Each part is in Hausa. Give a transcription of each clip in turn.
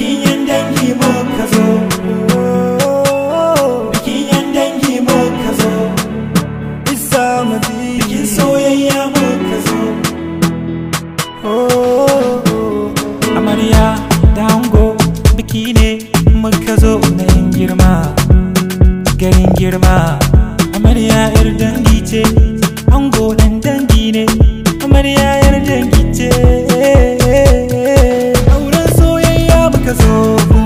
bikin yan dangi muka zo bikin yan dangi muka zo isa mazi bikin soyayya muka zo amarya da hango biki ne muka zo na girma garin girma because of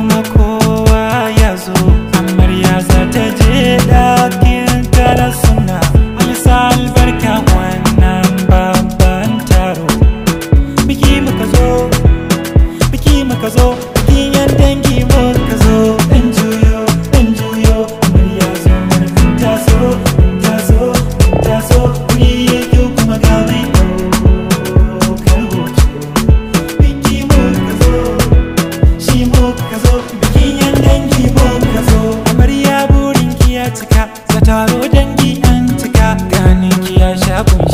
cikin dangi ba ka zo amarya burin ki ya cika za taro dangi an cika ganin ki ya sha kunshi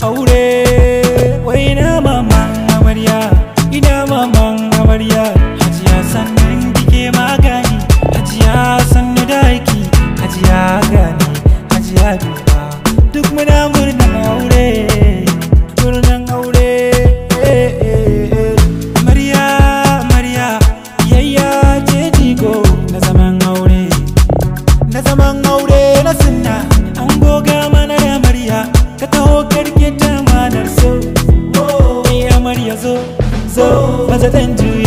aure wai na maman amarya ina maman amarya hajiya sannan dike magani hajiya sannu daki hajiya gani hajiya duba duk muna murnan aure murnan aure amarya amarya yayya ce digo na zaman aure na zaman aure na sunna an goga mana da amarya ka taho karke ta manar so ni amarya zo zo maza dan